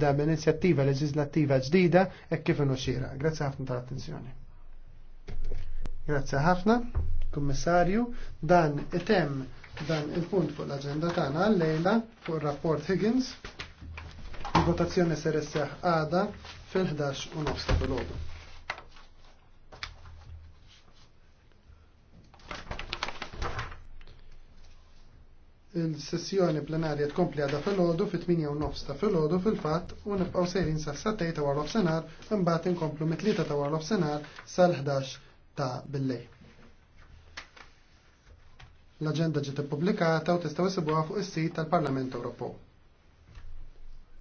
da l inizjattiva leġislattiva ġdida e kif xira. Grazzi ħafna tal-attenzjoni. Grazzi ħafna, kummissarju, dan item dan il-punt fuq l-agenda tagħna għal-lejla fuq ir-rapport Higgins. Il-votazzjoni ser isseħ għada fil-11 u nofs fil-għodu. il-sessjoni plenarja tkompli għada fil-ħodu fit-8 ta' fil-ħodu fil-fat u nibqaw sejrin sa' 7 ta' warlof senar imbagħad inkomplu mit ta' warlof senar sal-11 ta' billej. L-agenda ġiet ippubblikata u tistgħu s fuq is-sit tal-Parlament Ewropew.